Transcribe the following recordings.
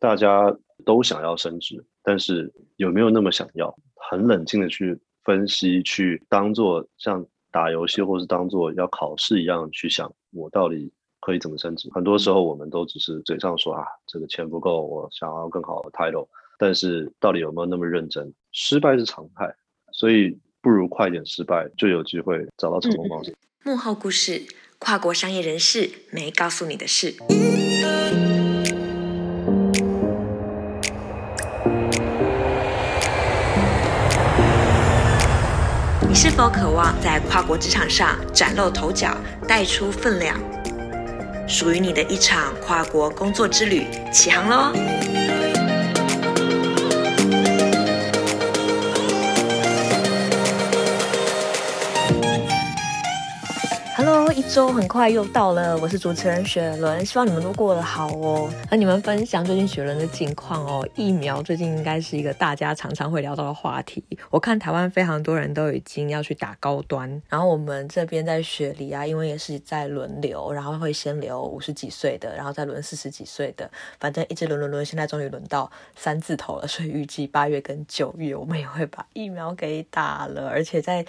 大家都想要升職，但是有沒有那麼想要？很冷靜的去分析，去當做像打遊戲或是當做要考試一樣去想，我到底可以怎麼升職？很多時候，我們都只是嘴上說啊，這個錢不夠，我想要更好的 title，但是到底有沒有那麼認真？失敗是常態，所以不如快點失敗，就有機會找到成功方式。嗯嗯。幕後故事：跨國商業人士沒告訴你的事。是否渴望在跨國職場上嶄露頭角，帶出分量？屬於你的一場跨國工作之旅，起航嘍！Hello, 一周很快又到了，我是主持人雪倫，希望你們都過得好哦。和你們分享最近雪倫的近況哦。疫苗最近應該是一個大家常常會聊到的話題。我看台灣非常多人都已經要去打高端，然後我們這邊在雪梨啊，因為也是在輪流，然後會先留五十幾歲的，然後再輪四十幾歲的，反正一直輪輪輪，現在終於輪到三字頭了，所以預計八月跟九月我們也會把疫苗給打了，而且在。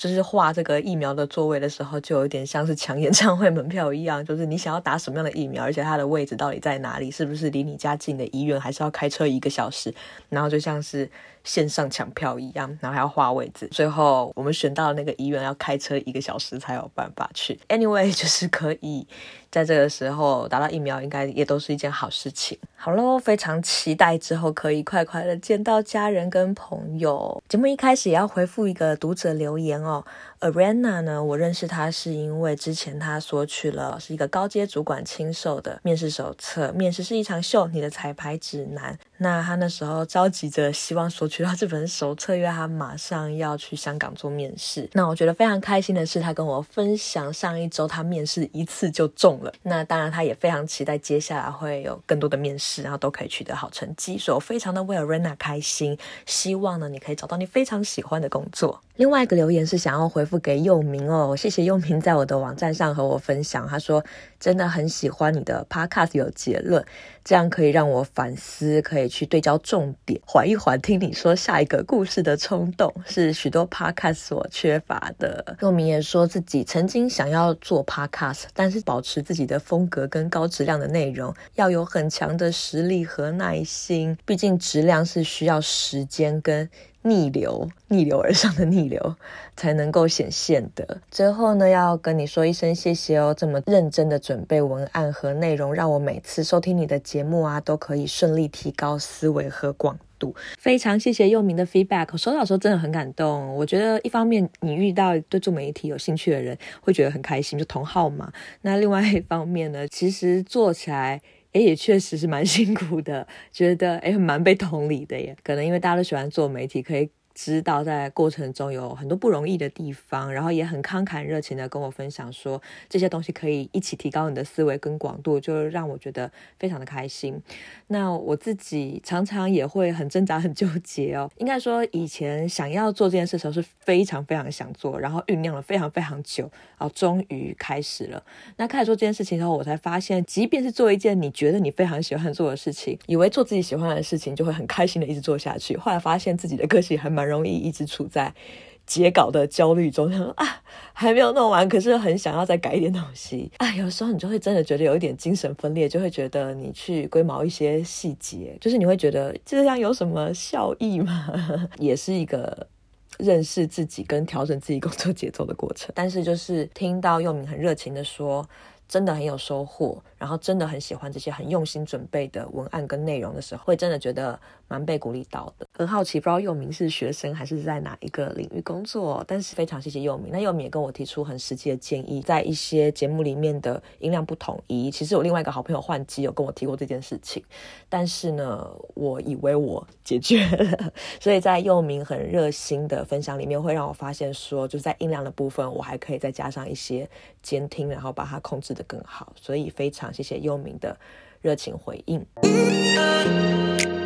就是畫這個疫苗的座位的時候，就有點像是搶演唱會門票一樣，就是你想要打什麼樣的疫苗，而且它的位置到底在哪裡，是不是離你家近的醫院，還是要開車一個小時，然後就像是。線上搶票一樣，然後還要劃位置。最後我們選到那個醫院，要開車一個小時才有辦法去。Anyway，就是可以在這個時候打到疫苗，應該也都是一件好事情。好嘍，非常期待之後可以快快的見到家人跟朋友。節目一開始也要回復一個讀者留言哦。Ariana 呢，我認識他是因為之前他索取了是一個高階主管親授的面試手冊，《面試是一場秀，你的彩排指南》。那他那時候着急着，希望索取到這本手冊，因為他馬上要去香港做面試。那我覺得非常開心的是，他跟我分享上一周他面試一次就中了。那當然，他也非常期待接下來會有更多的面試，然後都可以取得好成績。所以我非常的為 Ariana 開心。希望呢，你可以找到你非常喜歡的工作。另外一個留言是想要回復給佑明哦，謝謝佑明在我的網站上和我分享，他說。真的很喜歡你的 podcast 有結論，這樣可以讓我反思，可以去對焦重點，緩一緩聽你說下一個故事的衝動，是許多 podcast 所缺乏的。用明也說自己曾經想要做 podcast，但是保持自己的風格跟高質量的內容，要有很強的實力和耐心，畢竟質量是需要時間跟逆流逆流而上的逆流才能夠顯現的。最後呢，要跟你說一聲謝謝哦，這麼認真的。準備文案和內容，讓我每次收聽你的節目啊，都可以順利提高思維和廣度。非常謝謝佑明的 feedback，我收到的時候真的很感動。我覺得一方面你遇到對做媒體有興趣的人，會覺得很開心，就同好嘛。那另外一方面呢，其實做起來，誒、欸、也確實是蠻辛苦的，覺得誒、欸、蠻被同理的耶。可能因為大家都喜歡做媒體，可以。知道在過程中有很多不容易的地方，然後也很慷慨熱情的跟我分享說，這些東西可以一起提高你的思維跟廣度，就讓我覺得非常的開心。那我自己常常也會很掙扎、很糾結哦。應該說以前想要做這件事的時候是非常非常想做，然後醞釀了非常非常久，然後終於開始了。那開始做這件事情之後，我才發現，即便是做一件你覺得你非常喜歡做的事情，以為做自己喜歡的事情就會很開心的一直做下去，後來發現自己的個性還蠻。容易一直處在截稿的焦慮中，然後，啊，還沒有弄完，可是很想要再改一點東西。啊，有時候你就會真的覺得有一點精神分裂，就會覺得你去龜毛一些細節，就是你會覺得這樣有什麼效益嗎？也是一個認識自己跟調整自己工作節奏的過程。但是就是聽到佑明很熱情的說，真的很有收穫，然後真的很喜歡這些很用心準備的文案跟內容的時候，會真的覺得蠻被鼓勵到的。很好奇，不知道佑明是學生還是在哪一個領域工作，但是非常謝謝佑明。那佑明也跟我提出很實際的建議，在一些節目裡面的音量不統一。其實我另外一個好朋友換機，有跟我提過這件事情，但是呢，我以為我解決了。 所以在佑明很熱心的分享裡面，會讓我發現說，就是在音量的部分，我還可以再加上一些監聽，然後把它控制得更好。所以非常謝謝佑明的熱情回應。嗯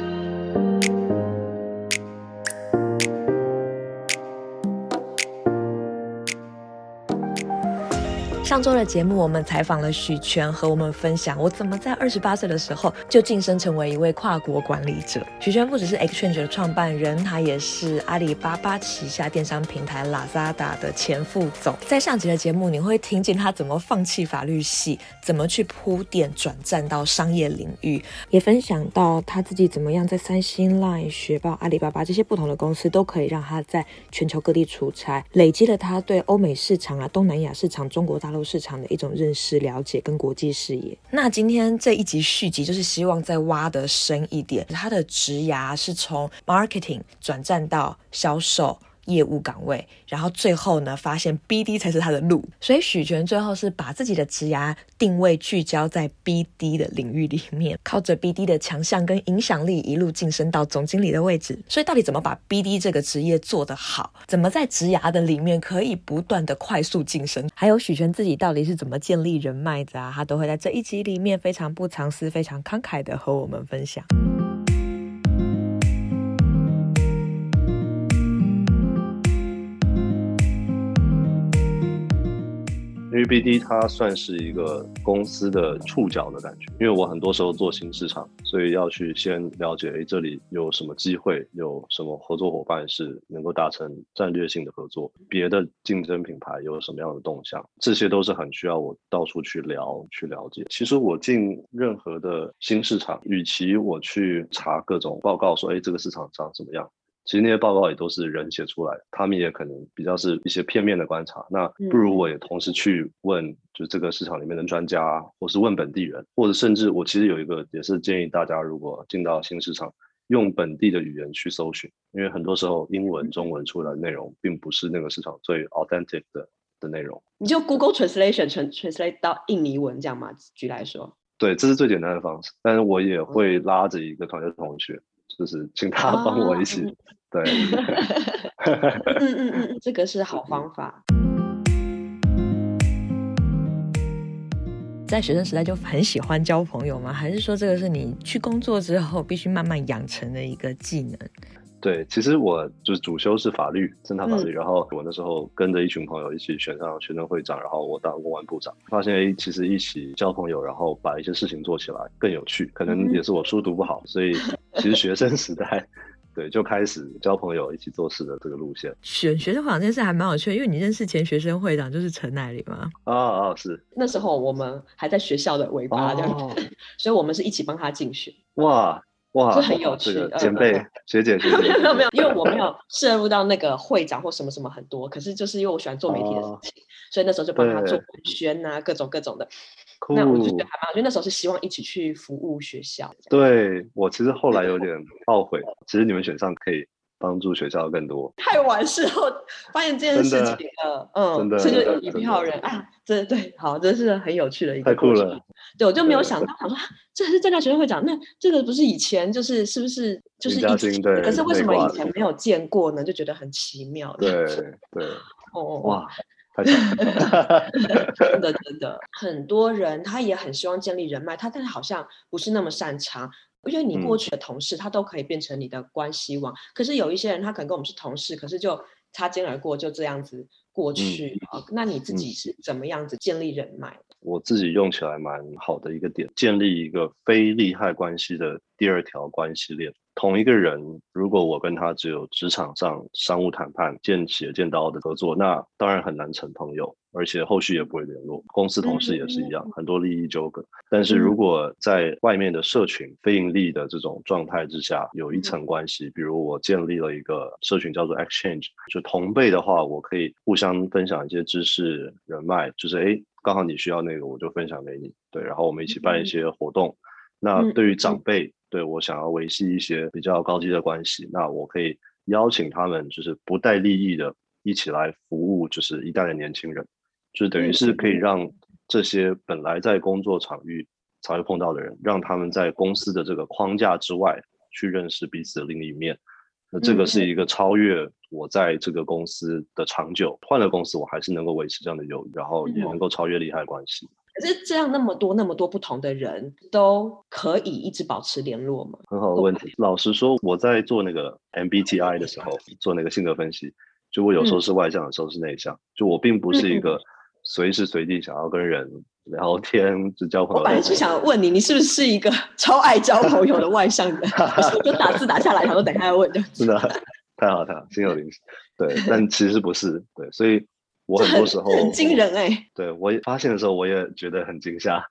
上週的節目，我們採訪了許詮，和我們分享我怎麼在二十八歲的時候就晉升成為一位跨國管理者。許詮不只是 XChange 的創辦人，他也是阿里巴巴旗下電商平台 Lazada 的前副總。在上集的節目，你會聽見他怎麼放棄法律系，怎麼去鋪墊轉戰到商業領域，也分享到他自己怎麼樣在三星 Line、Line、雪豹、阿里巴巴這些不同的公司都可以讓他在全球各地出差，累積了他對歐美市場啊、東南亞市場、中國大陸。市場的一種認識、了解跟國際視野。那今天這一集續集就是希望再挖得深一點。他的職涯是從 marketing 轉戰到銷售。業務崗位，然後最後呢，發現 BD 才是他的路，所以許詮最後是把自己的職涯定位聚焦在 BD 的領域裡面，靠着 BD 的強項跟影響力，一路晉升到總經理的位置。所以到底怎麼把 BD 這個職業做得好，怎麼在職涯的裡面可以不斷的快速晉升，還有許詮自己到底是怎麼建立人脈的啊，他都會在這一集裡面非常不藏私、非常慷慨的和我們分享。因為 BD 它算是一個公司的觸角的感覺，因為我很多時候做新市場，所以要去先了解，哎，這裡有什麼機會，有什麼合作夥伴是能夠達成戰略性的合作，別的競爭品牌有什麼樣的動向，這些都是很需要我到處去聊，去了解。其實我進任何的新市場，與其我去查各種報告說，哎，這個市場長怎麼樣。其實那些報告也都是人寫出來的，他們也可能比較是一些片面的觀察。那不如我也同時去問，就這個市場裡面的專家、嗯，或是問本地人，或者甚至我其實有一個也是建議大家，如果進到新市場，用本地的語言去搜尋，因為很多時候英文、嗯、中文出來的內容，並不是那個市場最 authentic 的的內容。你就 Google translation translate 到印尼文這樣嗎？舉來說？對，這是最簡單的方式。但是我也會拉着一個團隊的同學。就是請他幫我一起，哦嗯、對。 嗯嗯嗯，嗯，這個是好方法。在學生時代就很喜歡交朋友嗎？還是說這個是你去工作之後必須慢慢養成的一個技能？對，其實我就是主修是法律，政大法律、嗯。然後我那時候跟着一群朋友一起選上學生會長，然後我當公關部長，發現其實一起交朋友，然後把一些事情做起來更有趣。可能也是我書讀不好，所以、嗯。 其實學生時代，對，就開始交朋友，一起做事的這個路線。選學生會長這件事還蠻有趣的，因為你認識前學生會長就是陳乃里嘛。哦哦，是。那時候我們還在學校的尾巴，對、哦，所以我們是一起幫他競選。哇哇，這很有趣。這個、前輩學姐學姐，沒有沒有， 因為我沒有涉入到那個會長或什麼什麼很多。可是，就是因為我喜歡做媒體的事情，哦、所以那時候就幫他做文宣吶、啊，各種各種的。那我就覺得還蠻，因為那時候是希望一起去服務學校。對，我其實後來有點懊悔。嗯，其實你們選上可以幫助學校更多。太晚事後發現這件事情了，真的。嗯，這就是一票人啊，對對，好，這是很有趣的一個故事。對，對，我就沒有想到，想說，啊，這是政大學生會長，那這個不是以前就是是不是就是以前？對，可是為什麼以前沒有見過呢？就覺得很奇妙。對對，哦，哦哇。真的真的， 很多人他也很希望建立人脈，他但是好像不是那麼擅長。因為你過去的同事，他都可以變成你的關係網，嗯，可是有一些人，他可能跟我們是同事，可是就擦肩而過，就這樣子過去，嗯。啊，那你自己是怎麼樣子建立人脈？我自己用起來蠻好的一個點，建立一個非利害關係的第二條關係鏈。同一個人，如果我跟他只有職場上商務談判、見血見刀的合作，那當然很難成朋友，而且後續也不會聯絡。公司同事也是一樣，嗯、很多利益糾葛、嗯。但是如果在外面的社群、嗯、非盈利的這種狀態之下，有一層關係，比如我建立了一個社群叫做 XChange，就同輩的話，我可以互相分享一些知識、人脈，就是誒，剛好你需要那個，我就分享給你。對，然後我們一起辦一些活動。嗯、那對於長輩。嗯嗯對，我想要維繫一些比較高級的關係，那我可以邀請他們，就是不帶利益的，一起來服務，就是一代的年輕人，就等於是可以讓這些本來在工作場域才會碰到的人，讓他們在公司的這個框架之外去認識彼此的另一面。那這個是一個超越我在這個公司的長久，換了公司我還是能夠維持這樣的友誼，然後也能夠超越利害關係。可是這樣那麼多那麼多不同的人都可以一直保持聯絡嗎？很好的問題。老實說，我在做那個 MBTI 的時候、嗯，做那個性格分析，就我有時候是外向，有時候是內向，就我並不是一個隨時隨地想要跟人聊天、就交朋友。我本來是想問你，你是不是一個超愛交朋友的外向的？ 就打字打下來，然後等下要問的、就是。真 的，太好了，太好了，心有靈犀。對，但其實不是對，所以。我很多時候很，很驚人哎、欸，對，我發現的時候，我也覺得很驚嚇。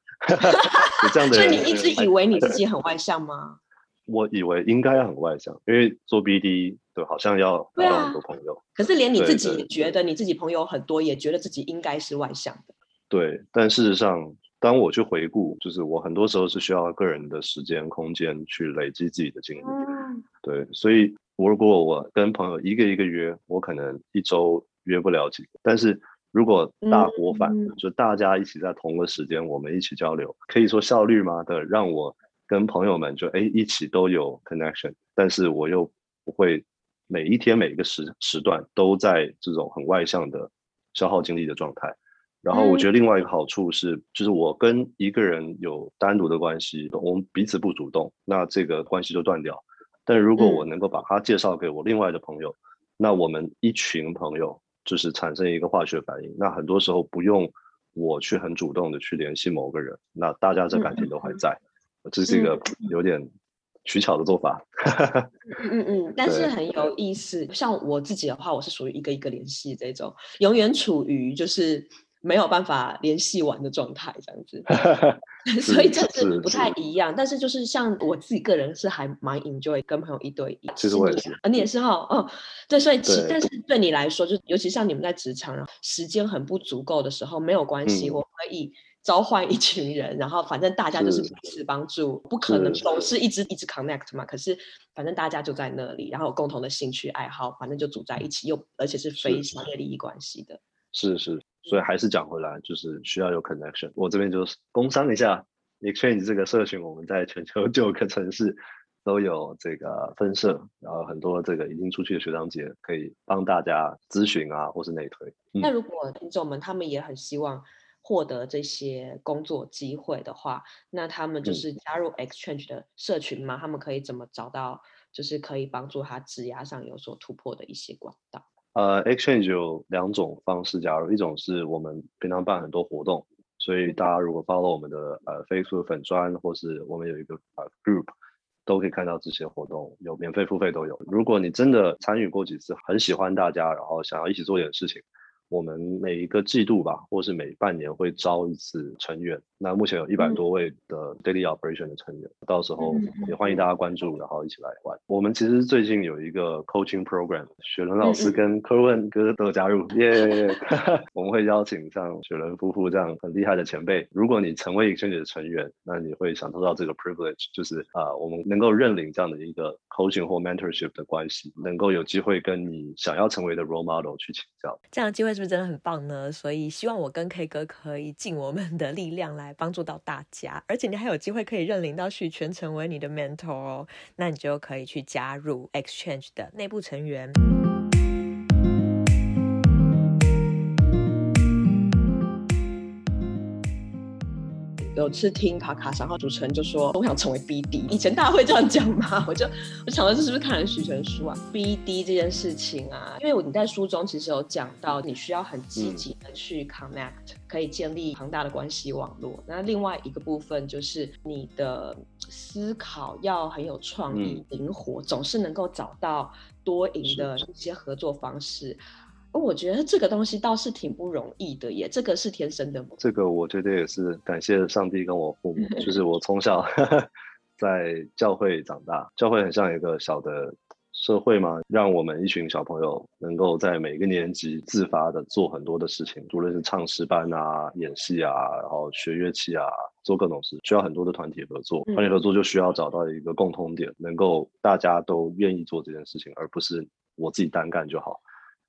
這樣的，所以你一直以為你自己很外向嗎？我以為應該要很外向，因為做 BD 對，好像要交很多朋友，啊。可是連你自己覺得你自己朋友很多對對，也覺得自己應該是外向的。對，但事實上，當我去回顧，就是我很多時候是需要個人的時間空間去累積自己的經歷，嗯。對，所以如果我跟朋友一個一個約，我可能一周。約不了幾個，但是如果大鍋飯、嗯嗯，就大家一起在同個時間，我們一起交流，可以說效率嘛的，讓我跟朋友們就哎一起都有 connection，但是我又不會每一天每一個時時段都在這種很外向的消耗精力的狀態。然後我覺得另外一個好處是、嗯，就是我跟一個人有單獨的關係，我們彼此不主動，那這個關係就斷掉。但如果我能夠把他介紹給我另外的朋友，嗯、那我們一群朋友。就是產生一個化學反應，那很多時候不用我去很主動的去聯繫某個人，那大家這感情都還在，嗯嗯，這是一個有點取巧的做法。嗯 嗯嗯，但是很有意思。像我自己的話，我是屬於一個一個聯繫的這種，永遠處於就是。沒有辦法聯繫完的狀態，這樣子， 是 所以這是不太一樣。但是就是像我自己個人是還蠻 enjoy 跟朋友一對一。其實我也是，你也是哈，嗯、哦，對。所以其，但是對你來說，就尤其像你們在職場，然後時間很不足夠的時候，沒有關係，嗯、我可以召喚一群人，然後反正大家就是彼此幫助，不可能總是一直一直 connect 嘛。是，可是反正大家就在那裡，然後有共同的興趣愛好，反正就組在一起，又而且是非商業利益關係的。是是。是所以還是講回來，就是需要有 connection。我這邊就是工商一下，Exchange 這個社群，我們在全球九個城市都有這個分社，然後很多這個已經出去的學長姐可以幫大家諮詢啊，嗯、或是內推。嗯、那如果聽眾們他們也很希望獲得這些工作機會的話，那他們就是加入 Exchange 的社群嘛，他們可以怎麼找到，就是可以幫助他職涯上有所突破的一些管道？呃、uh,，XChange 有兩種方式加入，一種是我們平常辦很多活動，所以大家如果 follow 我們的呃、uh, Facebook 粉專，或是我們有一個呃、uh, group，都可以看到這些活動，有免費付費都有。如果你真的參與過幾次，很喜歡大家，然後想要一起做點事情，我們每一個季度吧，或是每半年會招一次成員。那目前有一百多位的 daily operation 的成員，嗯、到時候也歡迎大家關注，嗯、然後一起來玩、嗯。我們其實最近有一個 coaching program，雪倫老師跟 K 哥都加入，嗯、耶！ 我們會邀請像雪倫夫婦這樣很厲害的前輩。如果你成為圈子的成員，那你會享受到這個 privilege，就是啊，我們能夠認領這樣的一個 coaching 或 mentorship 的關係，能夠有機會跟你想要成為的 role model 去請教。這樣的機會是不是真的很棒呢？所以希望我跟 K 哥可以盡我們的力量來幫助到大家，而且你還有機會可以認領到許詮成為你的 mentor 哦，那你就可以去加入 XChange 的內部成員。有次聽卡卡，三號主持人就說：“我想成為 BD，以前大家會這樣講嗎？”我就我想的是是不是看了許詮書啊？BD 這件事情啊，因為我你在書中其實有講到，你需要很積極的去 connect，、嗯、可以建立龐大的關係網絡。那另外一個部分就是你的思考要很有創意、嗯、靈活，總是能夠找到多贏的一些合作方式。我覺得這個東西倒是挺不容易的耶，這個是天生的嗎？這個我覺得也是感謝上帝跟我父母， 就是我從小 在教會長大，教會很像一個小的社會嘛，讓我們一群小朋友能夠在每個年級自發的做很多的事情，無論是唱詩班啊、演戲啊，然後學樂器啊，做各種事，需要很多的團體合作，團體合作就需要找到一個共通點、嗯，能夠大家都願意做這件事情，而不是我自己單幹就好。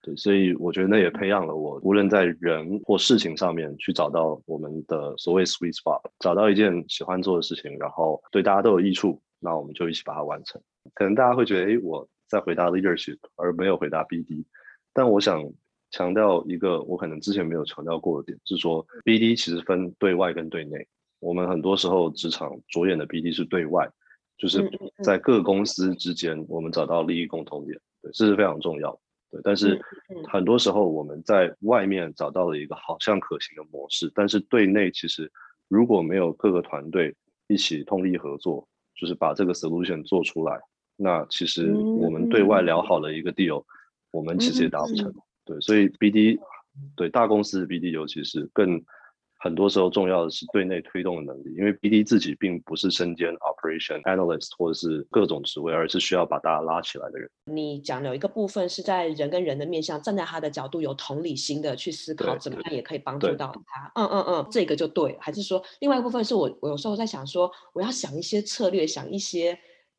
對，所以我覺得那也培養了我，無論在人或事情上面去找到我們的所謂 sweet spot，找到一件喜歡做的事情，然後對大家都有益處，那我們就一起把它完成。可能大家會覺得，哎，我在回答 leadership，而沒有回答 BD，但我想強調一個我可能之前沒有強調過的點，是說 BD 其實分對外跟對內，我們很多時候職場着眼的 BD 是對外，就是在各公司之間我們找到利益共同點，對，這是非常重要的。但是很多時候，我們在外面找到了一個好像可行的模式，但是對內其實如果沒有各個團隊一起通力合作，就是把這個 solution 做出來，那其實我們對外聊好了一個 deal、嗯、我們其實也達不成。嗯、對，所以 BD 對大公司 BD 尤其是更。很多時候重要的是對內推動的能力，因為 BD 自己並不是身兼 operation analyst 或者是各種職位，而是需要把大家拉起來的人。你講有一個部分是在人跟人的面向，站在他的角度有同理心的去思考，怎麼樣也可以幫助到他。嗯嗯嗯，這個就對。還是說另外一部分是我，我有時候在想說，我要想一些策略，想一些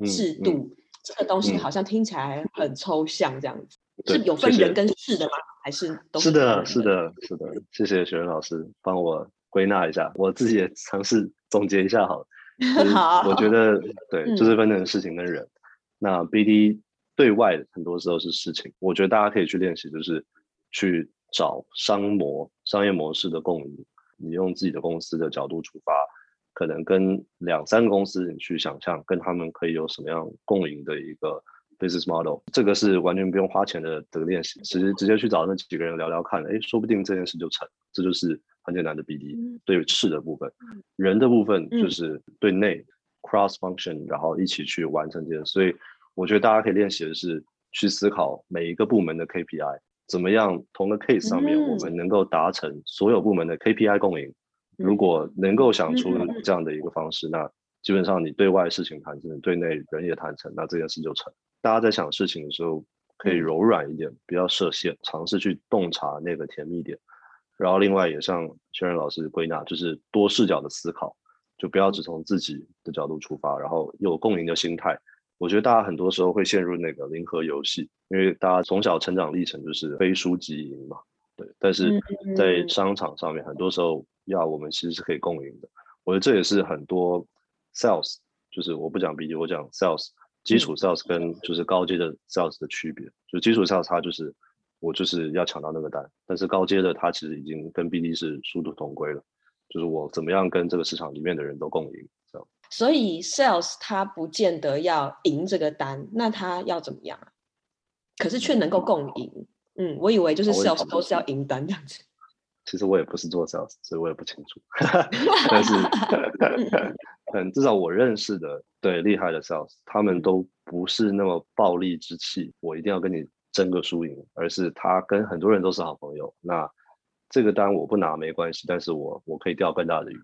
制度，嗯嗯、這個東西好像聽起來很抽象，這樣子、嗯、是有分人跟事的嗎？還是是的，是，的是的，是的，是的，謝謝雪倫老師幫我歸納一下，我自己也嘗試總結一下，好，了。 我覺得對，就是分成事情跟人。 嗯、那 BD 對外的很多時候是事情，我覺得大家可以去練習，就是去找商模商業模式的共贏。你用自己的公司的角度出發，可能跟兩三個公司，你去想象跟他們可以有什麼樣共贏的一個。Business model，這個是完全不用花錢的這個練習，直接直接去找那幾個人聊聊看，誒，說不定這件事就成。這就是很簡單的 BD，、嗯、對於事的部分，人的部分就是對內、嗯、cross function，然後一起去完成這件事。所以我覺得大家可以練習的是去思考每一個部門的 KPI，怎麼樣同個 case 上面我們能夠達成所有部門的 KPI 共贏。嗯、如果能夠想出這樣的一個方式，那基本上你對外事情談成，對內人也談成，那這件事就成。大家在想事情的時候，可以柔軟一點，不要設限，嘗試去洞察那個甜蜜點。然後，另外也像雪倫老師歸納，就是多視角的思考，就不要只從自己的角度出發，然後有共贏的心態。我覺得大家很多時候會陷入那個零和遊戲，因為大家從小成長歷程就是非輸即贏嘛，對。但是在商場上面，很多時候要我們其實是可以共贏的。我覺得這也是很多 sales，就是我不講 BD，我講 sales。基礎 sales 跟就是高階的 sales 的區別，嗯，就基礎 sales 它，就是我就是要搶到那個單，但是高階的它其實已經跟 BD 是殊途同歸了，就是我怎麼樣跟這個市場裡面的人都共贏這樣。所以 sales 它不見得要贏這個單，那他要怎麼樣？可是卻能夠共贏。嗯，嗯，我以為就是 sales 都是要贏單這樣子。其實我也不是做 sales，所以我也不清楚。 但是， 嗯，至少我認識的。對厲害的 sales，他們都不是那麼暴力之氣，我一定要跟你爭個輸贏，而是他跟很多人都是好朋友。那這個單我不拿沒關係，但是我我可以釣更大的魚。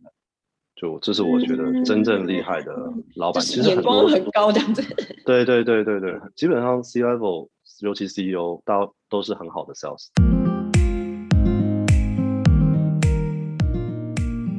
就這是我覺得真正厲害的老板，其、嗯、實、嗯嗯、眼光很高，這樣子，眼光很高這樣子。對對對對對，基本上 C level，尤其 CEO，大都，都是很好的 sales。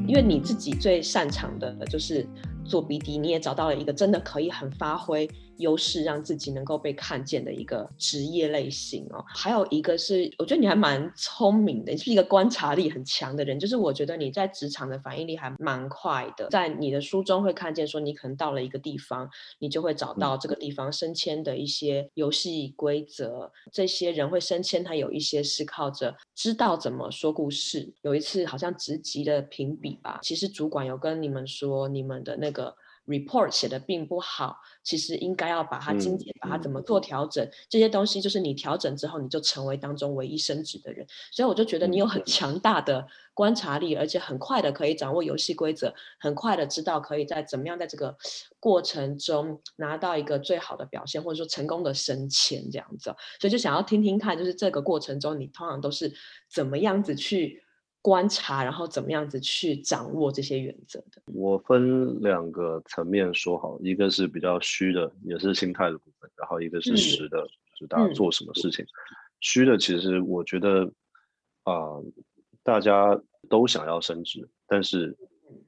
因為你自己最擅長的就是。做 BD，你也找到了一個真的可以很發揮優勢讓自己能夠被看見的一個職業類型哦，還有一個是，我覺得你還蠻聰明的，你是一個觀察力很強的人，就是我覺得你在職場的反應力還蠻快的。在你的書中會看見說，你可能到了一個地方，你就會找到這個地方升遷的一些遊戲規則。這些人會升遷，他有一些是靠着知道怎麼說故事。有一次好像職級的評比吧，其實主管有跟你們說你們的那個。report 寫得並不好，其實應該要把它精簡、嗯，把它怎麼做調整、嗯、這些東西，就是你調整之後，你就成為當中唯一升職的人。所以我就覺得你有很強大的觀察力，而且很快的可以掌握遊戲規則，很快的知道可以在怎麼樣在這個過程中拿到一個最好的表現，或者說成功的升遷這樣子。所以就想要聽聽看，就是這個過程中你通常都是怎麼樣子去。觀察，然後怎麼樣子去掌握這些原則的？我分兩個層面說，好，一個是比較虛的，也是心態的部分，然後一個是實的，嗯、就是大家做什麼事情。嗯、虛的其實我覺得，啊、呃，大家都想要升職，但是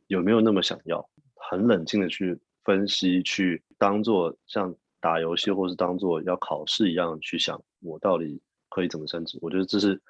有沒有那麼想要？很冷靜的去分析，去當做像打遊戲，或是當做要考試一樣去想，我到底可以怎麼升職？我覺得這是。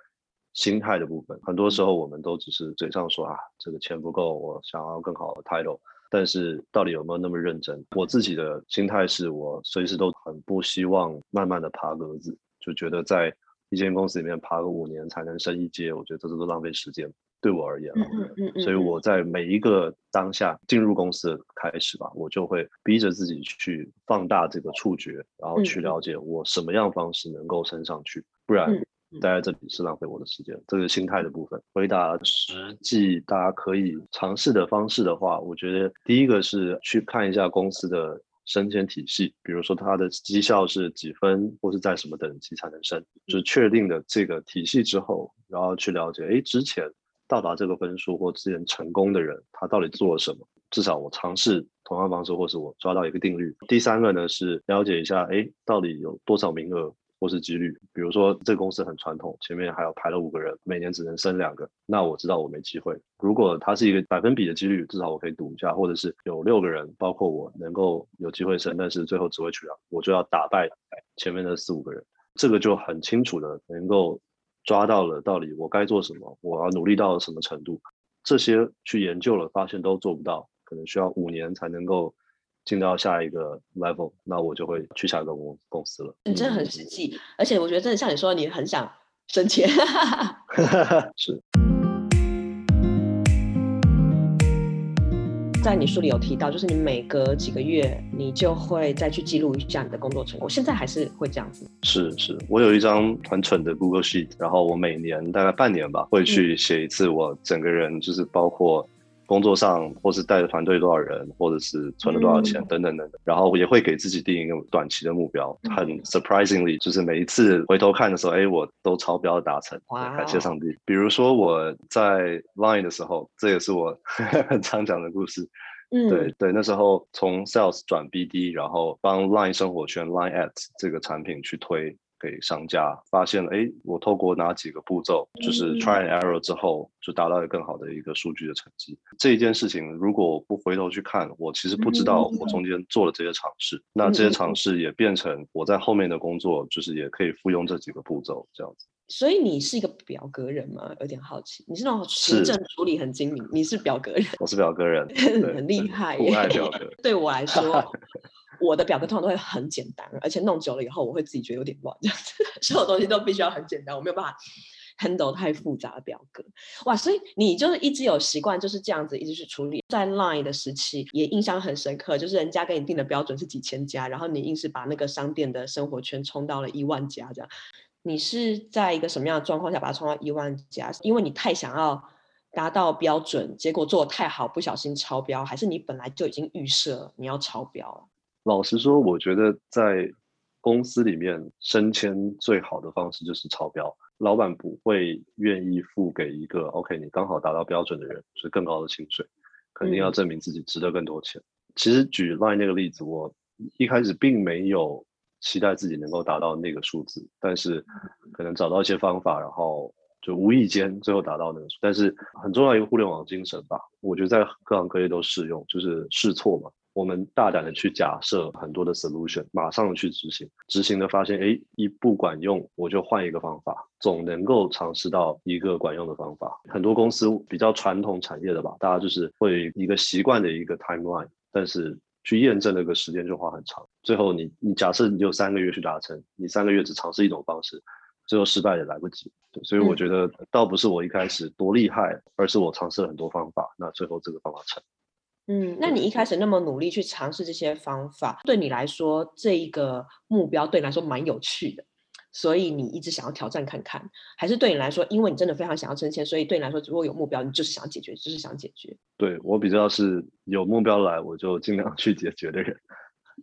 心態的部分，很多時候我們都只是嘴上說啊，這個錢不夠，我想要更好的 title，但是到底有沒有那麼認真？我自己的心態是我隨時都很不希望慢慢的爬格子，就覺得在一間公司裡面爬個五年才能升一階，我覺得這都是浪費時間，對我而言。嗯嗯、嗯。所以我在每一個當下進入公司的開始吧，我就會逼着自己去放大這個觸覺，然後去了解我什麼樣方式能夠升上去，嗯嗯、不然。待在這裡是浪費我的時間，這是心態的部分。回答實際大家可以嘗試的方式的話，我覺得第一個是去看一下公司的升遷體系，比如說它的績效是幾分，或是在什麼等級才能升，就確定了這個體系之後，然後去了解，哎、欸，之前到達這個分數或之前成功的人，他到底做了什麼？至少我嘗試同樣方式，或是我抓到一個定律。第三個呢，是了解一下，哎、欸，到底有多少名額？都是幾率，比如說這個公司很傳統，前面還有排了五個人，每年只能升兩個，那我知道我沒機會。如果它是一個百分比的幾率，至少我可以賭一下，或者是有六個人，包括我能夠有機會升，但是最後只會取兩，我就要打敗前面的四五個人，這個就很清楚的能夠抓到了，到底我該做什麼，我要努力到什麼程度，這些去研究了，發現都做不到，可能需要五年才能夠。進到下一個 level，那我就會去下一個公公司了。你真的很實際，而且我覺得真的像你說，你很想省錢。 是。在你書裡有提到，就是你每隔幾個月，你就會再去記錄一下你的工作成果。我現在還是會這樣子。是是，我有一張很蠢的 Google Sheet，然後我每年大概半年吧，會去寫一次我、嗯、整個人，就是包括。工作上，或是帶的團隊多少人，或者是存了多少錢，嗯、等等等等，然後也會給自己定一個短期的目標。嗯、很 surprisingly，就是每一次回頭看的時候，哎，我都超標的達成哇，感謝上帝。比如說我在 Line 的時候，這也是我 很常講的故事。嗯，對對，那時候從 Sales 轉 BD，然後幫 Line 生活圈、Line Ads 這個產品去推。給商家發現了，哎，我透過哪幾個步驟，就是 try and error 之後，就達到了更好的一個數據的成績。這一件事情，如果我不回頭去看，我其實不知道我中間做了這些嘗試。那這些嘗試也變成我在後面的工作，就是也可以複用這幾個步驟，這樣子。所以你是一個表格人嗎？有點好奇。你是那種行政處理很精明，是你是表格人。我是表格人， 很厲害。我愛表格。對我來說， 我的表格通常都會很簡單，而且弄久了以後，我會自己覺得有點亂，這樣子。所有東西都必須要很簡單，我沒有辦法 handle 太複雜的表格。哇，所以你就是一直有習慣就是這樣子一直去處理。在 Line 的時期也印象很深刻，就是人家給你定的標準是幾千家，然後你硬是把那個商店的生活圈衝到了一萬家這樣。你是在一個什麼樣的狀況下把它衝到一萬加？因為你太想要達到標準，結果做的太好，不小心超標，還是你本來就已經預設你要超標了？老實說，我覺得在公司裡面升遷最好的方式就是超標。老板不會願意付給一個 OK 你剛好達到標準的人，就是更高的薪水，肯定要證明自己值得更多錢。嗯。其實舉 LINE 那個例子，我一開始並沒有。期待自己能夠達到那個數字，但是可能找到一些方法，然後就無意間最後達到那個數字。但是很重要一個互聯網精神吧，我覺得在各行各業都適用，就是試錯嘛。我們大膽的去假設很多的 solution，馬上去執行，執行的發現，哎，一不管用，我就換一個方法，總能夠嘗試到一個管用的方法。很多公司比較傳統產業的吧，大家就是會一個習慣的一個 timeline，但是。去驗證那個時間就花很長，最後你你假設你就三個月去達成，你三個月只嘗試一種方式，最後失敗也來不及。對，所以我覺得，嗯，倒不是我一開始多厲害，而是我嘗試了很多方法，那最後這個方法成。嗯，那你一開始那麼努力去嘗試這些方法，對你來說，這一個目標對你來說蠻有趣的。所以你一直想要挑戰看看，還是對你來說，因為你真的非常想要升遷，所以對你來說，如果有目標，你就是想解決，就是想解決。對，我比較是有目標來，我就盡量去解決的人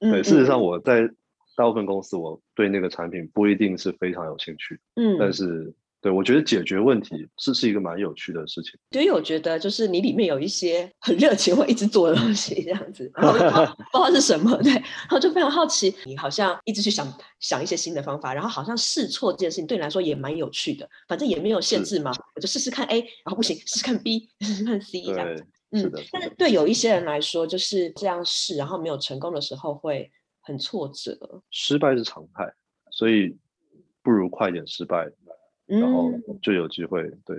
嗯嗯。對，事實上我在大部分公司，我對那個產品不一定是非常有興趣。嗯。但是。對，我覺得解決問題是是一個蠻有趣的事情。對，因為我覺得就是你裡面有一些很熱情會一直做的東西，這樣子，然後不，知 不知道是什麼，對，然後就非常好奇。你好像一直去想想一些新的方法，然後好像試錯這件事情對你來說也蠻有趣的，反正也沒有限制嘛，我就試試看 A，然後不行，試試看 B，試試看 C 這樣子。嗯，但是對有一些人來說，就是這樣試，然後沒有成功的時候會很挫折。失敗是常態，所以不如快點失敗。然後就有機會對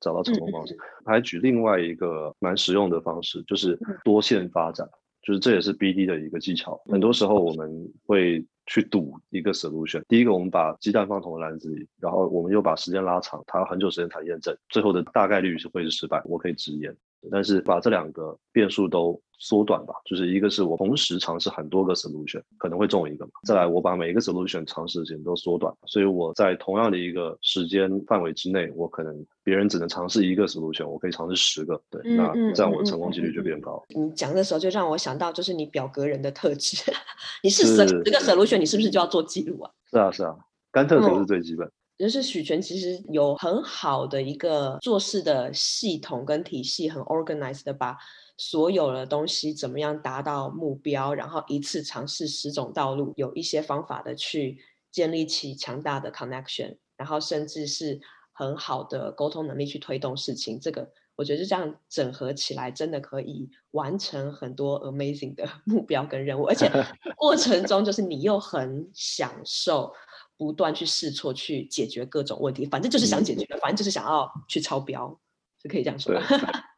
找到成功方式、嗯。還舉另外一個蠻實用的方式，就是多線發展，就是這也是 BD 的一個技巧。很多時候我們會去賭一個 solution，第一個我們把雞蛋放同籃子裡，然後我們又把時間拉長，它要很久時間才驗證，最後的大概率是會是失敗。我可以直言，但是把這兩個變數都。縮短吧，就是一個是我同時嘗試很多個 solution，可能會中一個嘛。再來，我把每一個 solution 嘗試時間都縮短，所以我在同樣的一個時間範圍之內，我可能別人只能嘗試一個 solution，我可以嘗試十個，對，那這樣我的成功幾率就變高。嗯嗯嗯嗯嗯嗯嗯嗯。你講的時候就讓我想到，就是你表格人的特質， 你是這個 solution，是是是，你是不是就要做記錄啊？是啊是啊，甘特圖是最基本、嗯。就是許詮其實有很好的一個做事的系統跟體系，很 organized 的吧。所有的東西怎麼樣達到目標？然後一次嘗試十種道路，有一些方法的去建立起強大的 connection，然後甚至是很好的溝通能力去推動事情。這個我覺得就這樣整合起來，真的可以完成很多 amazing 的目標跟任務。而且過程中就是你又很享受不斷去試錯、 去解決各種問題，反正就是想解決，反正就是想要去超標，就可以這樣說。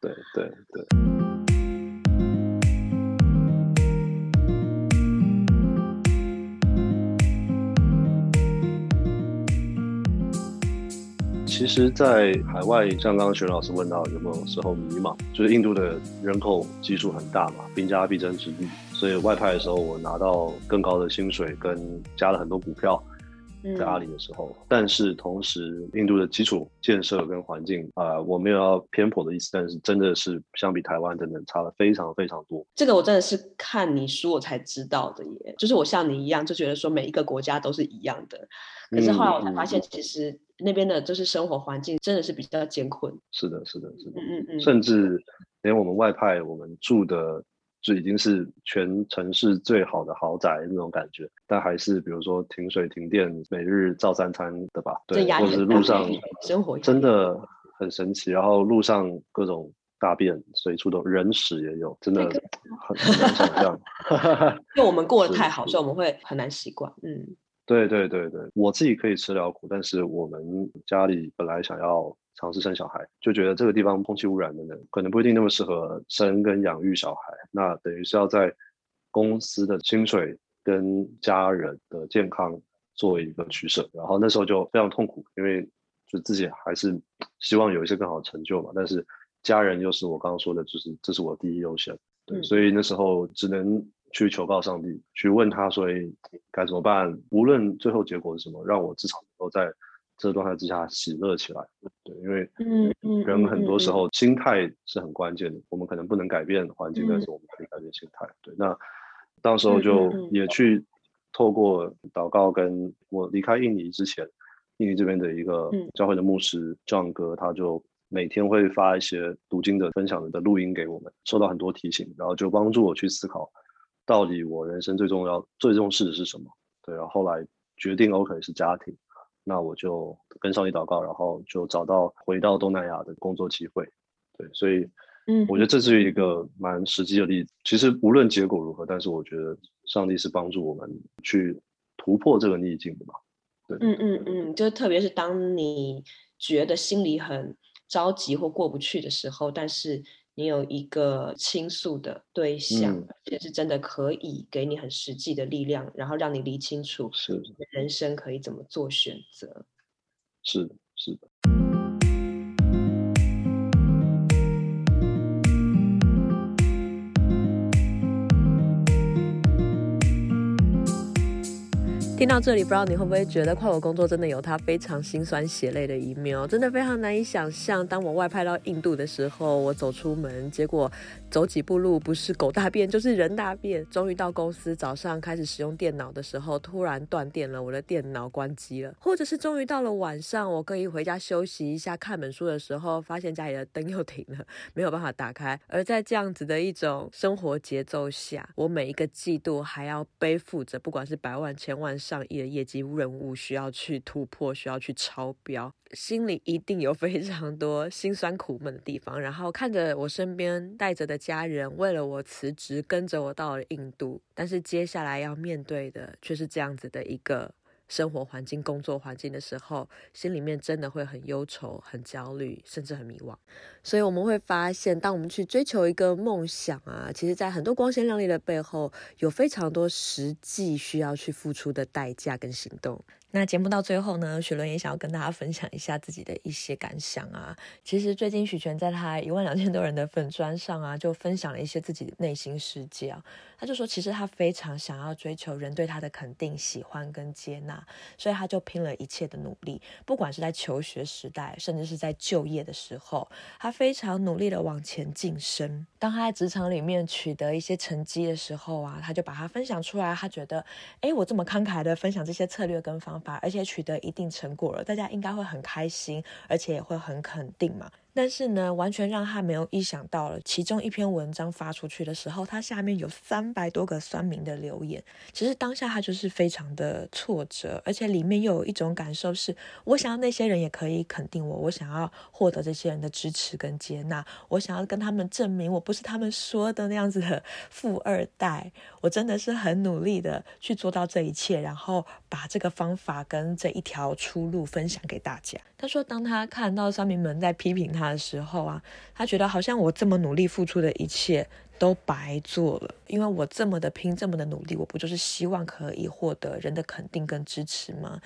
對對對對。對對其實，在海外，像剛剛雪老師問到，有沒有時候迷茫？就是印度的人口基數很大嘛，兵家必爭之地，所以外派的時候，我拿到更高的薪水，跟加了很多股票。在阿里的時候，嗯、但是同時，印度的基礎建設跟環境啊、呃，我沒有要偏頗的意思，但是真的是相比台灣等等差了非常非常多。這個我真的是看你書我才知道的耶，就是我像你一樣就覺得說每一個國家都是一樣的，可是後來我才發現，其實那邊的就是生活環境真的是比較艱困、嗯。是的，是的，是的，嗯嗯，甚至連我們外派我們住的。這已經是全城市最好的豪宅那種感覺，但還是比如說停水停電，每日照三餐的吧，對，壓或者是路上生活真的很神奇，然後路上各種大便隨處都人屎也有，真的很，很難想象。 因為我們過得太好，所以我們會很難習慣。嗯，對對對對，我自己可以吃了苦，但是我們家裡本來想要。嘗試生小孩，就覺得這個地方空氣污染的呢，可能不一定那麼適合生跟養育小孩。那等於是要在公司的薪水跟家人的健康做一個取舍，然後那時候就非常痛苦，因為就自己還是希望有一些更好的成就嘛。但是家人又是我剛剛說的，就是這是我第一優先，對，所以那時候只能去求告上帝，去問他，所以該怎麼辦？無論最後結果是什麼，讓我至少能夠在。這狀態之下，喜樂起來。對，因為嗯嗯，人很多時候心態是很關鍵的。嗯嗯嗯、我們可能不能改變環境，嗯、但是我們可以改變心態、嗯。對，那到時候就也去透過禱告。跟我離開印尼之前，印尼這邊的一個教會的牧師 John 哥，他就每天會發一些讀經的分享的錄音給我們，收到很多提醒，然後就幫助我去思考，到底我人生最重要、最重視的是什麼？對、啊，然後後來決定 OK 是家庭。那我就跟上帝禱告，然後就找到回到東南亞的工作機會。對，所以，嗯，我覺得這是一個蠻實際的例子。嗯。其實無論結果如何，但是我覺得上帝是幫助我們去突破這個逆境的嘛。對，嗯嗯嗯，就是特別是當你覺得心裡很着急或過不去的時候，但是。你有一個傾訴的對象，這、嗯、是真的可以給你很實際的力量，然後讓你理清楚人生可以怎麼做選擇。是的，是的。聽到這裡，不知道你會不會覺得跨國工作真的有它非常心酸血淚的一面哦。真的非常難以想象。當我外派到印度的時候，我走出門，結果走幾步路不是狗大便就是人大便。終於到公司，早上開始使用電腦的時候，突然斷電了，我的電腦關機了。或者是終於到了晚上，我可以回家休息一下，看本書的時候，發現家裡的燈又停了，沒有辦法打開。而在這樣子的一種生活節奏下，我每一個季度還要背負着，不管是百萬千萬上億的業績任務需要去突破，需要去超標，心裡一定有非常多辛酸苦悶的地方。然後看着我身邊帶着的家人，為了我辭職，跟着我到了印度，但是接下來要面對的卻、就是這樣子的一個。生活環境、工作環境的時候，心裡面真的會很憂愁、很焦慮，甚至很迷惘。所以我們會發現，當我們去追求一個夢想啊，其實在很多光鮮亮麗的背後，有非常多實際需要去付出的代價跟行動。那節目到最後呢，雪倫也想要跟大家分享一下自己的一些感想啊。其實最近許詮在他一萬兩千多人的粉專上啊，就分享了一些自己的內心世界啊。他就說，其實他非常想要追求人對他的肯定、喜歡跟接納，所以他就拼了一切的努力，不管是在求學時代，甚至是在就業的時候，他非常努力的往前晉升。當他在職場裡面取得一些成績的時候啊，他就把它分享出來。他覺得，哎，我這麼慷慨的分享這些策略跟方法，而且取得一定成果了，大家應該會很開心，而且也會很肯定嘛。但是呢，完全讓他沒有意想到了，其中一篇文章發出去的時候，他下面有三百多個酸民的留言。其實當下他就是非常的挫折，而且裡面又有一種感受是：我想要那些人也可以肯定我，我想要獲得這些人的支持跟接納，我想要跟他們證明我不是他們說的那樣子的富二代，我真的是很努力的去做到這一切，然後把這個方法跟這一條出路分享給大家。他說，當他看到酸民們在批評他的時候啊，他覺得好像我這麼努力付出的一切都白做了，因為我這麼的拼，這麼的努力，我不就是希望可以獲得人的肯定跟支持嗎？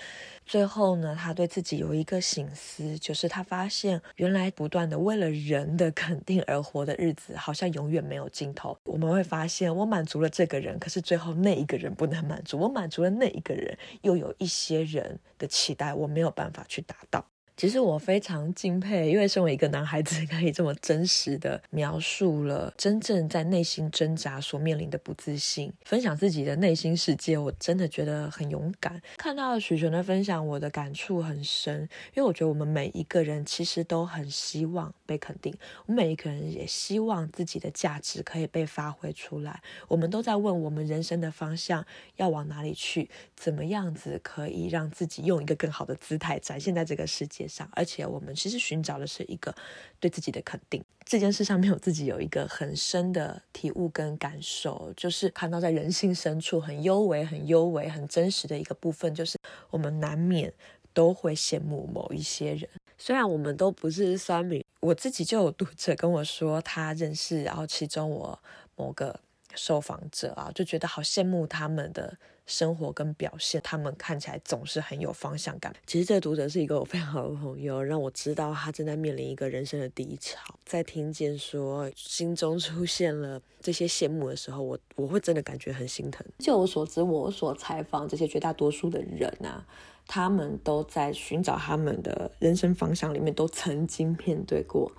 最後呢，他對自己有一個省思，就是他發現原來不斷的為了人的肯定而活的日子，好像永遠沒有盡頭。我們會發現，我滿足了這個人，可是最後那一個人不能滿足；我滿足了那一個人，又有一些人的期待我沒有辦法去達到。其實我非常敬佩，因為身為一個男孩子，可以這麼真實的描述了真正在內心掙扎所面臨的不自信，分享自己的內心世界，我真的覺得很勇敢。看到許詮的分享，我的感觸很深，因為我覺得我們每一個人其實都很希望被肯定，我們每一個人也希望自己的價值可以被發揮出來。我們都在問，我們人生的方向要往哪裡去？怎麼樣子可以讓自己用一個更好的姿態展現在這個世界？而且我們其實尋找的是一個對自己的肯定這件事上面，我自己有一個很深的體悟跟感受，就是看到在人性深處很幽微、很幽微、很真實的一個部分，就是我們難免都會羨慕某一些人。雖然我們都不是酸民，我自己就有讀者跟我說，他認識，然後其中我某個受訪者啊，就覺得好羨慕他們的。生活跟表現，他們看起來總是很有方向感。其實這個讀者是一個我非常好的朋友，讓我知道他正在面臨一個人生的第一潮低潮。在聽見說心中出現了這些羨慕的時候，我我會真的感覺很心疼。就我所知，我所採訪這些絕大多數的人啊，他們都在尋找他們的人生方向裡面，都曾經面對過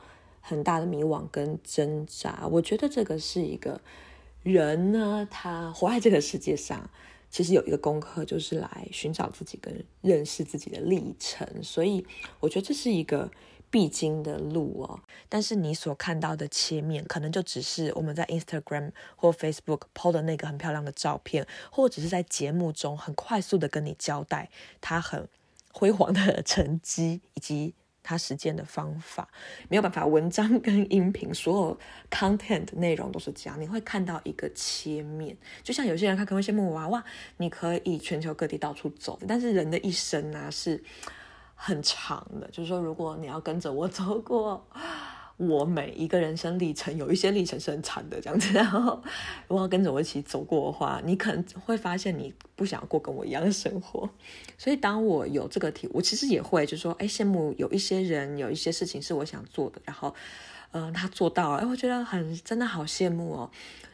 很大的迷惘跟掙扎。我覺得這個是一個人呢、啊，他活在這個世界上。其實有一個功課，就是來尋找自己跟認識自己的歷程，所以我覺得這是一個必經的路啊、哦。但是你所看到的切面，可能就只是我們在 Instagram 或 Facebook PO 的那個很漂亮的照片，或者是在節目中很快速的跟你交代他很輝煌的成績，以及。他時間的方法沒有辦法，文章跟音頻所有 content 的內容都是這樣，你會看到一個切面，就像有些人他可能會羨慕我啊，哇，你可以全球各地到處走，但是人的一生呢，啊，是很長的，就是說如果你要跟着我走過。我每一個人生歷程，有一些歷程是很長的，這樣子。然後，如果跟着我一起走過的話，你可能會發現你不想要過跟我一樣的生活。所以，當我有這個題，我其實也會就說，哎，羨慕有一些人，有一些事情是我想做的，然後，嗯、呃，他做到了，哎，我覺得很真的好羨慕哦。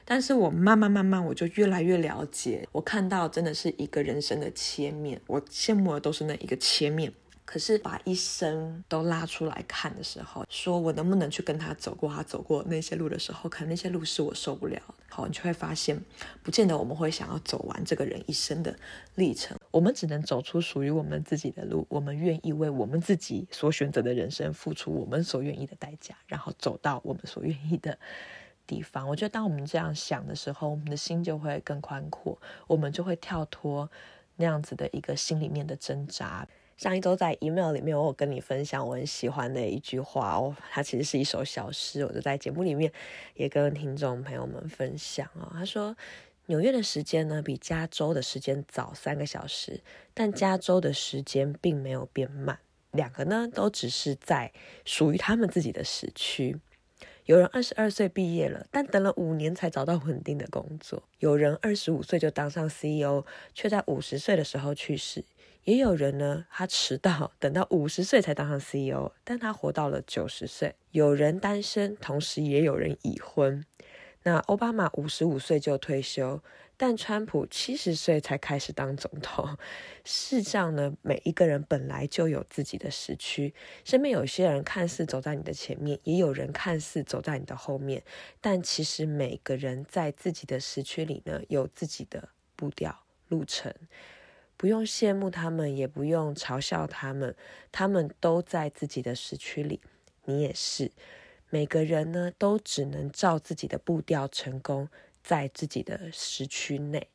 但是我慢慢慢慢，我就越來越了解，我看到真的是一個人生的切面，我羨慕的都是那一個切面。可是把一生都拉出來看的時候，說我能不能去跟他走過他走過那些路的時候，可能那些路是我受不了。好，你就會發現，不見得我們會想要走完這個人一生的歷程，我們只能走出屬於我們自己的路。我們願意為我們自己所選擇的人生付出我們所願意的代價，然後走到我們所願意的地方。我覺得，當我們這樣想的時候，我們的心就會更寬闊，我們就會跳脫那樣子的一個心裡面的掙扎。上一周在 email 裡面，我有跟你分享我很喜歡的一句話哦，它其實是一首小詩，我就在節目裡面也跟聽眾朋友們分享哦。他說：“紐約的時間呢比加州的時間早三個小時，但加州的時間並沒有變慢，兩個呢都只是在屬於他們自己的時區。有人二十二歲畢業了，但等了五年才找到穩定的工作；有人二十五歲就當上 CEO，卻在五十歲的時候去世。”也有人呢，他遲到，等到五十歲才當上 CEO，但他活到了九十歲。有人單身，同時也有人已婚。那奧巴馬五十五歲就退休，但川普七十歲才開始當總統。事實上呢，每一個人本來就有自己的時區。身邊有些人看似走在你的前面，也有人看似走在你的後面，但其實每個人在自己的時區裡呢，有自己的步調、路程。不用羨慕他們，也不用嘲笑他們，他們都在自己的時區裡，你也是。每個人呢，都只能照自己的步調成功，在自己的時區內。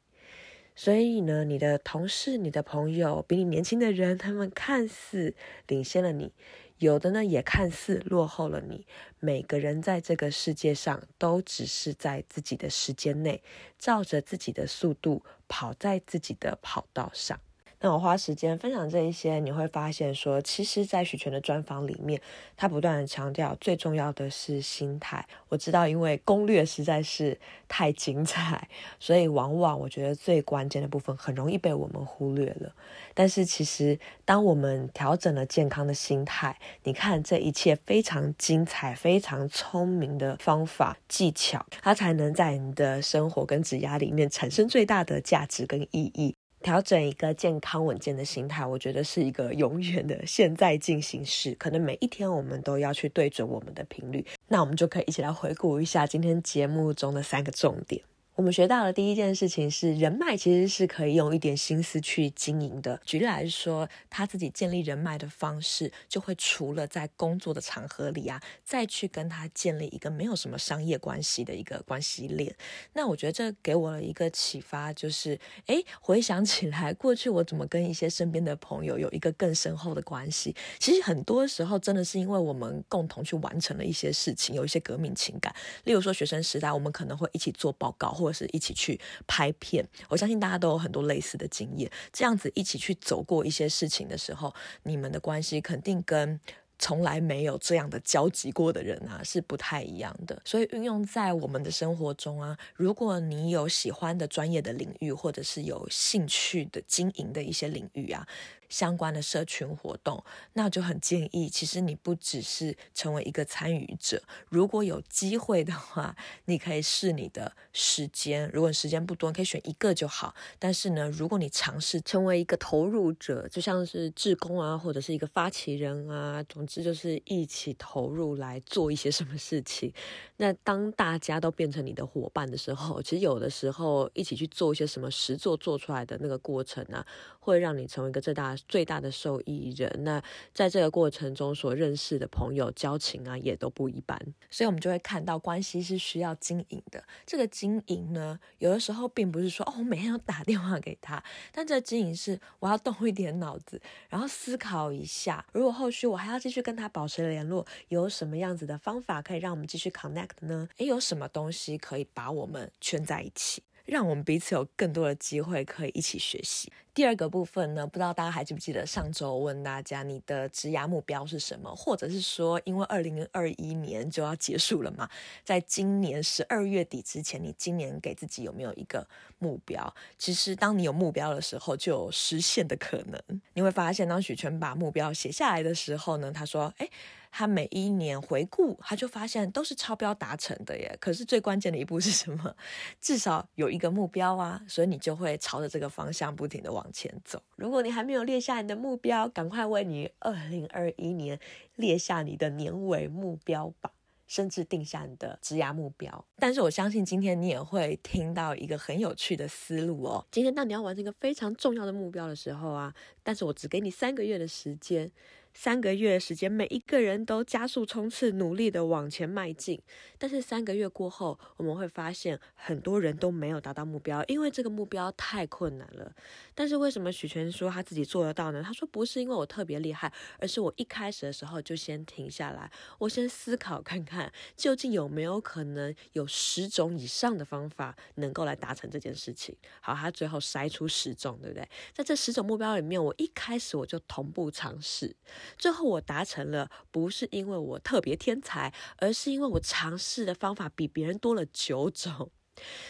所以呢，你的同事、你的朋友比你年輕的人，他們看似領先了你。有的呢，也看似落後了你。每個人在這個世界上，都只是在自己的時間內，照着自己的速度，跑在自己的跑道上。那我花時間分享這一些，你會發現說，其實，在許詮的專訪裡面，他不斷的強調，最重要的是心態。我知道，因為攻略實在是太精彩，所以往往我覺得最關鍵的部分很容易被我們忽略了。但是，其實當我們調整了健康的心態，你看，這一切非常精彩、非常聰明的方法技巧，它才能在你的生活跟職涯裡面產生最大的價值跟意義。調整一個健康穩健的心態，我覺得是一個永遠的現在進行時，可能每一天我們都要去對準我們的頻率，那我們就可以一起來回顧一下今天節目中的三個重點。我們學到的第一件事情是，人脈其實是可以用一點心思去經營的。舉例來說，他自己建立人脈的方式，就會除了在工作的場合裡啊，再去跟他建立一個沒有什麼商業關係的一個關係鏈。那我覺得這給我了一個啟發，就是，哎，回想起來，過去我怎麼跟一些身邊的朋友有一個更深厚的關係？其實很多時候真的是因為我們共同去完成了一些事情，有一些革命情感。例如說，學生時代，我們可能會一起做報告或。或是一起去拍片，我相信大家都有很多類似的經驗。這樣子一起去走過一些事情的時候，你們的關係肯定跟從來沒有這樣的交集過的人啊，是不太一樣的。所以運用在我們的生活中啊，如果你有喜歡的專業的領域，或者是有興趣的經營的一些領域啊。相關的社群活動，那就很建議，其實你不只是成為一個參與者，如果有機會的話，你可以視你的時間，如果你時間不多，你可以選一個就好。但是呢，如果你嘗試成為一個投入者，就像是志工啊，或者是一個發起人啊，總之就是一起投入來做一些什麼事情。那當大家都變成你的伙伴的時候，其實有的時候一起去做一些什麼實作做出來的那個過程啊，會讓你成為一個最大最大的受益人，那在這個過程中所認識的朋友、交情啊，也都不一般。所以，我們就會看到關係是需要經營的。這個經營呢，有的時候並不是說哦，我每天要打電話給他，但這經營是我要動一點腦子，然後思考一下，如果後續我還要繼續跟他保持聯絡，有什麼樣子的方法可以讓我們繼續 connect 呢？誒，有什麼東西可以把我們圈在一起？讓我們彼此有更多的機會可以一起學習。第二個部分呢，不知道大家還記不記得上周問大家你的職涯目標是什麼，或者是說，因為二零二一年就要結束了嘛，在今年十二月底之前，你今年給自己有沒有一個目標？其實，當你有目標的時候，就有實現的可能。你會發現，當許詮把目標寫下來的時候呢，他說：“哎。”他每一年回顧，他就發現都是超標達成的耶。可是最關鍵的一步是什麼？至少有一個目標啊，所以你就會朝着這個方向不停的往前走。如果你還沒有列下你的目標，趕快為你二零二一年列下你的年尾目標吧，甚至定下你的職涯目標。但是我相信今天你也會聽到一個很有趣的思路哦。今天當你要完成一個非常重要的目標的時候啊，但是我只給你三個月的時間。三個月的時間，每一個人都加速衝刺，努力地往前邁進。但是三個月過後，我們會發現很多人都沒有達到目標，因為這個目標太困難了。但是為什麼許詮說他自己做得到呢？他說不是因為我特別厲害，而是我一開始的時候就先停下來，我先思考看看究竟有沒有可能有十種以上的方法能夠來達成這件事情。好，他最後篩出十種，對不對？在這十種目標裡面，我一開始我就同步嘗試。最後我達成了，不是因為我特別天才，而是因為我嘗試的方法比別人多了九種。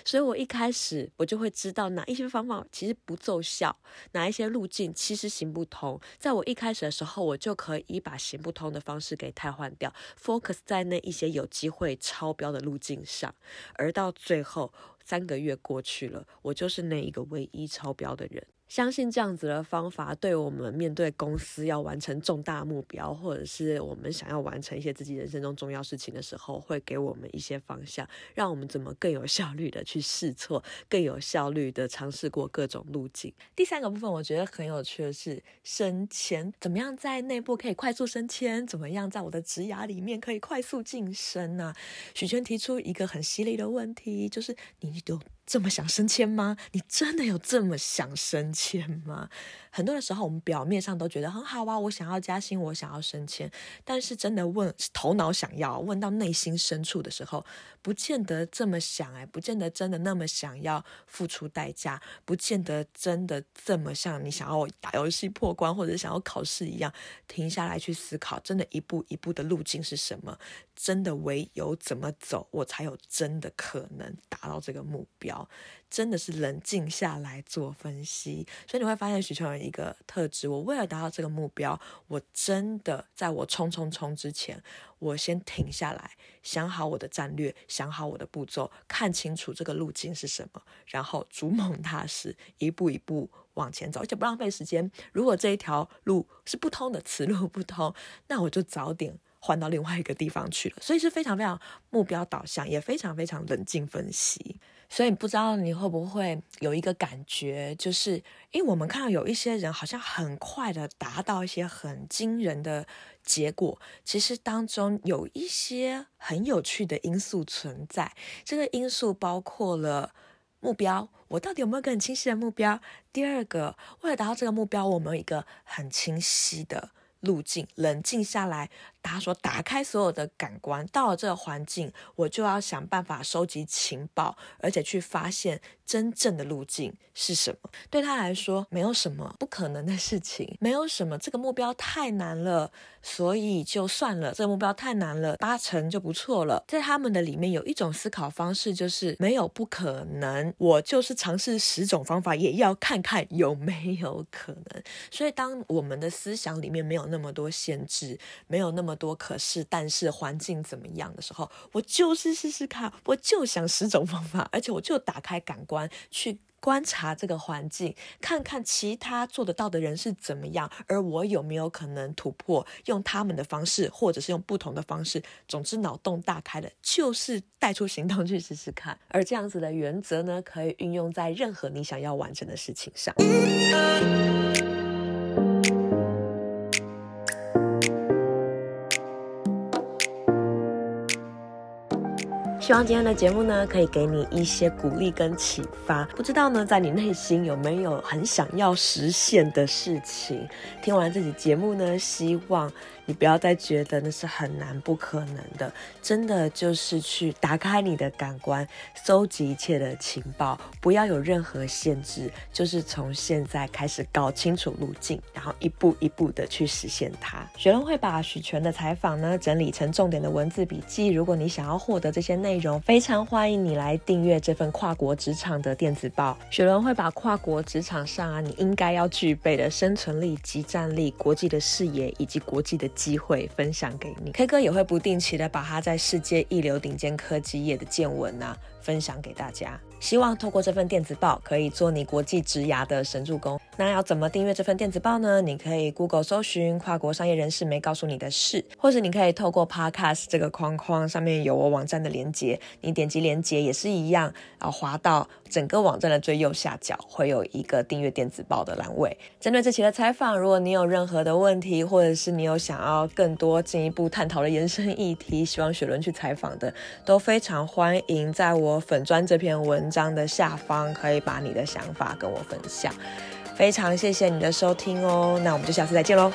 所以我一開始我就會知道哪一些方法其實不奏效，哪一些路徑其實行不通。在我一開始的時候，我就可以把行不通的方式給替換掉，focus 在那一些有機會超標的路徑上。而到最後三個月過去了，我就是那一個唯一超標的人。相信這樣子的方法，對我們面對公司要完成重大目標，或者是我們想要完成一些自己人生中重要事情的時候，會給我們一些方向，讓我們怎麼更有效率的去試錯，更有效率的嘗試過各種路徑。第三個部分，我覺得很有趣的是升遷，怎麼樣在內部可以快速升遷？怎麼樣在我的職涯裡面可以快速晉升呢、啊？許詮提出一個很犀利的問題，就是你都這麼想升遷嗎？你真的有這麼想升遷嗎？很多的時候，我們表面上都覺得很好啊，我想要加薪，我想要升遷。但是真的問頭腦想要，問到內心深處的時候，不見得這麼想，哎，不見得真的那麼想要付出代價，不見得真的這麼像你想要打遊戲破關或者想要考試一樣，停下來去思考，真的一步一步的路徑是什麼？真的唯有怎麼走，我才有真的可能達到這個目標。真的是冷靜下來做分析，所以你會發現許詮一個特質。我為了達到這個目標，我真的在我衝衝衝之前，我先停下來，想好我的戰略，想好我的步驟，看清楚這個路徑是什麼，然後逐夢踏實，一步一步往前走，而且不浪費時間。如果這一條路是不通的，此路不通，那我就早點。換到另外一個地方去了，所以是非常非常目標導向，也非常非常冷靜分析。所以不知道你會不會有一個感覺，就是因為我們看到有一些人好像很快的達到一些很驚人的結果，其實當中有一些很有趣的因素存在。這個因素包括了目標，我到底有沒有更清晰的目標？第二個，為了達到這個目標，我們有一個很清晰的。路徑冷靜下來，他說：“打開所有的感官，到了這個環境，我就要想辦法收集情報，而且去發現真正的路徑是什麼。”對他來說，沒有什麼不可能的事情，沒有什麼這個目標太難了，所以就算了，這個目標太難了，八成就不錯了。在他們的裡面有一種思考方式，就是沒有不可能，我就是嘗試十種方法，也要看看有沒有可能。所以，當我們的思想裡面沒有，那麼多限制，沒有那麼多可是，但是環境怎麼樣的時候，我就是試試看，我就想十種方法，而且我就打開感官去觀察這個環境，看看其他做得到的人是怎麼樣，而我有沒有可能突破，用他們的方式，或者是用不同的方式，總之腦洞大開的就是帶出行動去試試看。而這樣子的原則呢，可以運用在任何你想要完成的事情上。 希望今天的節目呢，可以給你一些鼓勵跟啟發。不知道呢，在你內心有沒有很想要實現的事情？聽完這期節目呢，希望你不要再覺得那是很難不可能的，真的就是去打開你的感官，蒐集一切的情報，不要有任何限制，就是從現在開始搞清楚路徑，然後一步一步的去實現它。雪倫會把許詮的採訪呢整理成重點的文字筆記，如果你想要獲得這些內容。非常歡迎你來訂閱這份跨國職場的電子報。雪倫會把跨國職場上啊，你應該要具備的生存力、即戰力、國際的視野以及國際的機會分享給你。K 哥也會不定期的把他在世界一流頂尖科技業的見聞啊，分享給大家。希望透過這份電子報，可以做你國際職涯的神助攻。那要怎麼訂閱這份電子報呢？你可以 Google 搜尋“跨國商業人士沒告訴你的事”，或是你可以透過 Podcast 這個框框，上面有我網站的連接，你點擊連接也是一樣，然後滑到。整個網站的最右下角會有一個訂閱電子報的欄位。針對這期的採訪，如果你有任何的問題，或者是你有想要更多進一步探討的延伸議題，希望雪倫去採訪的，都非常歡迎在我粉專這篇文章的下方，可以把你的想法跟我分享。非常謝謝你的收聽哦，那我們就下次再見嘍。